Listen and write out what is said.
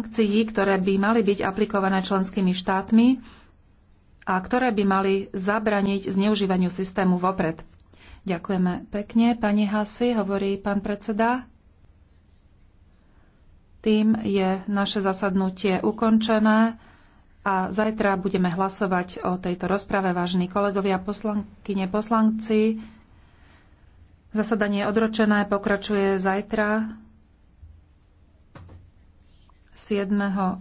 sankcií, ktoré by mali byť aplikované členskými štátmi a ktoré by mali zabraniť zneužívaniu systému vopred. Ďakujeme pekne. Pani Hasi, hovorí pán predseda. Tým je naše zasadnutie ukončené a zajtra budeme hlasovať o tejto rozprave, vážení kolegovia, poslankyne, poslanci. Zasadanie je odročené pokračuje zajtra 7. júna.